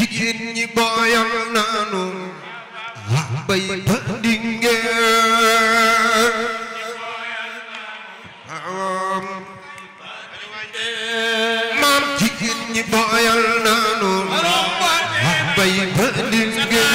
jigéen ñi ba dingeen maam jigéen ñi bay ba dingeen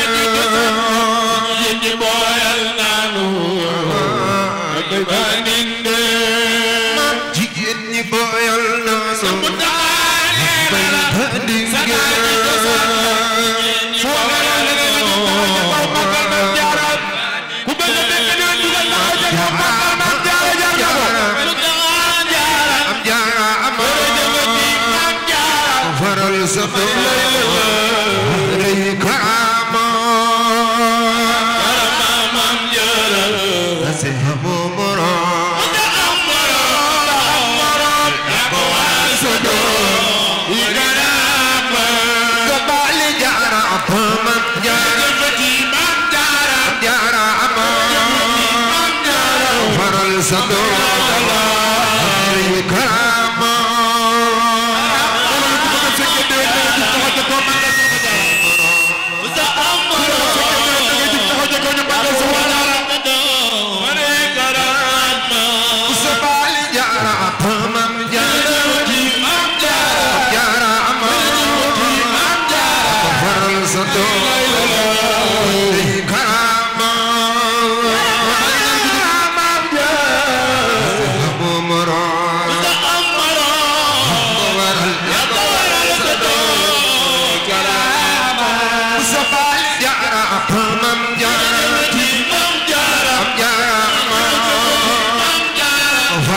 sant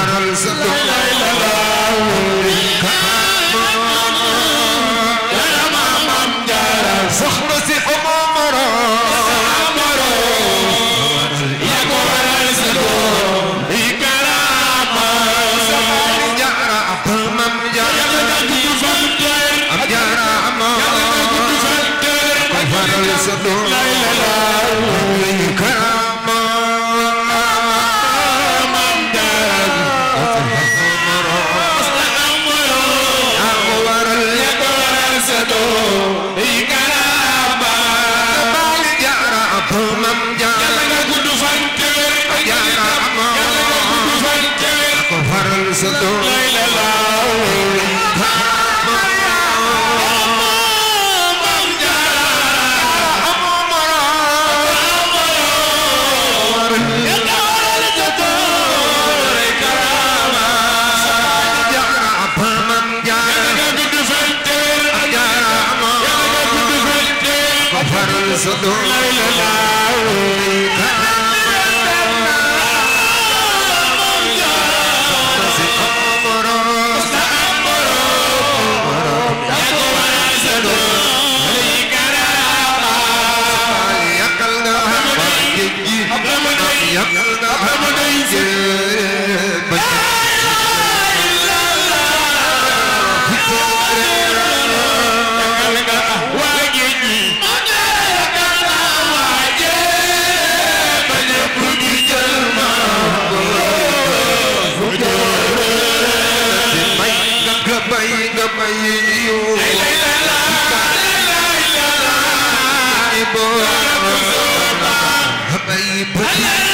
لا لا لا صدور لا لا لا طيب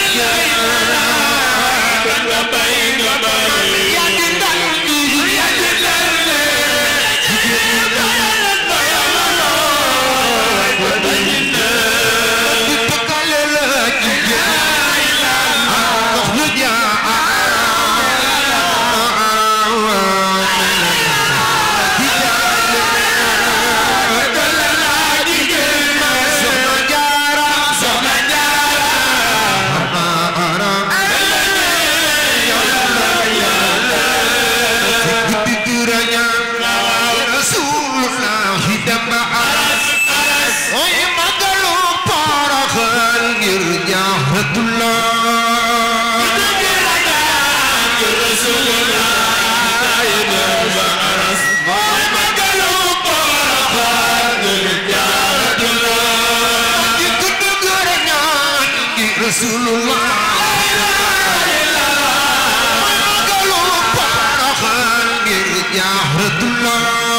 يا عهرة الله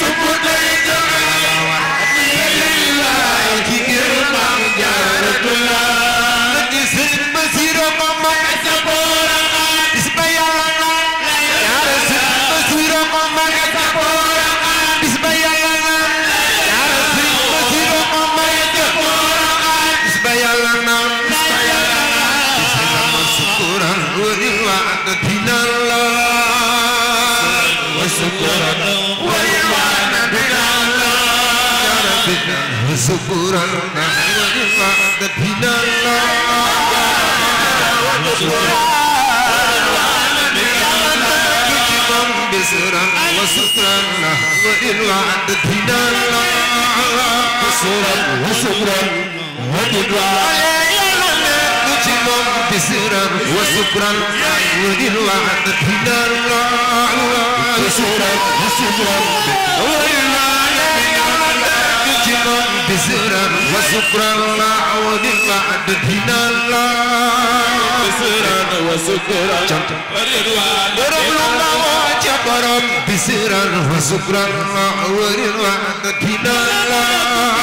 loo وشكرا وإيمانا بالله وشكرا وإيمانا بالله وشكرا بسرا وسكرا وإلوان دينا بسرا وسكرا وإلوان بسرا وسكرا وإلوان دينا بسرا وسرا بسرا وسكرا وعود بعد هنا الله بسرا وسكرا ورضوان ورب الله وجبرا بسرا وسكرا وعود بعد هنا الله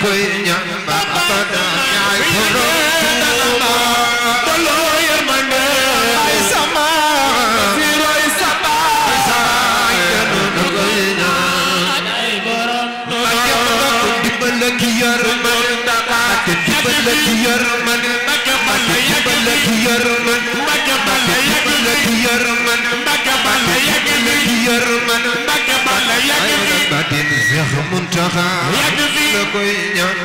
koy ñaan ba abada ñaay borom koy ñaan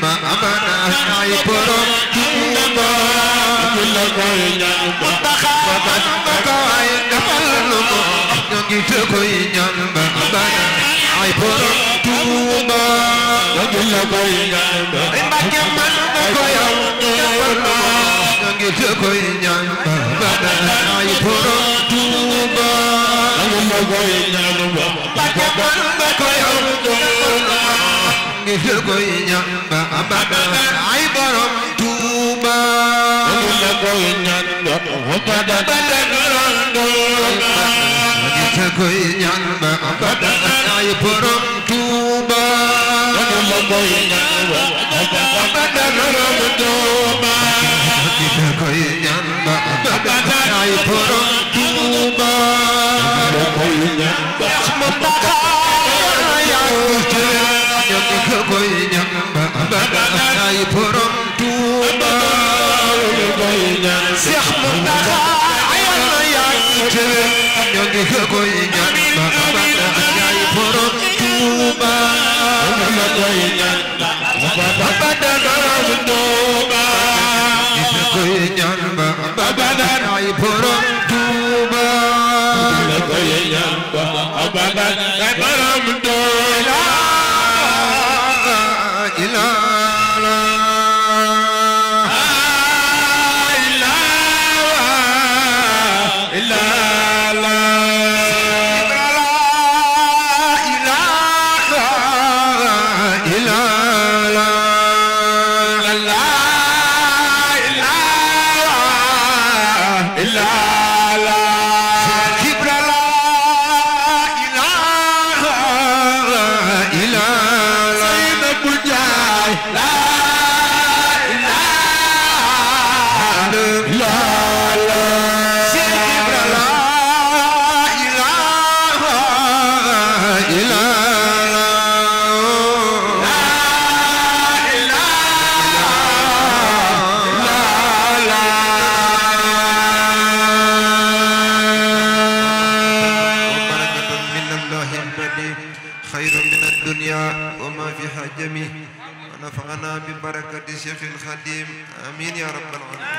ba amana ay borom la koy ñaan ba Muntaxa ba koy defal lu ko ñu ngi te koy ñaan ba ba ay borom Tuuba ñu la koy ñaan ba Mbàkke man ba koy am defal lu ko ñu ngi te koy ñaan ba ba ay borom Tuuba ñu la koy ñaan ba Mbàkke man ba koy am defal lu ko ñu ngi te koy ñaan ba ba ay borom borom Cheikh Mountakha ayal na yaa ngi jëlee ñoo ngi koy بركة شيخ الخديم آمين يا رب العالمين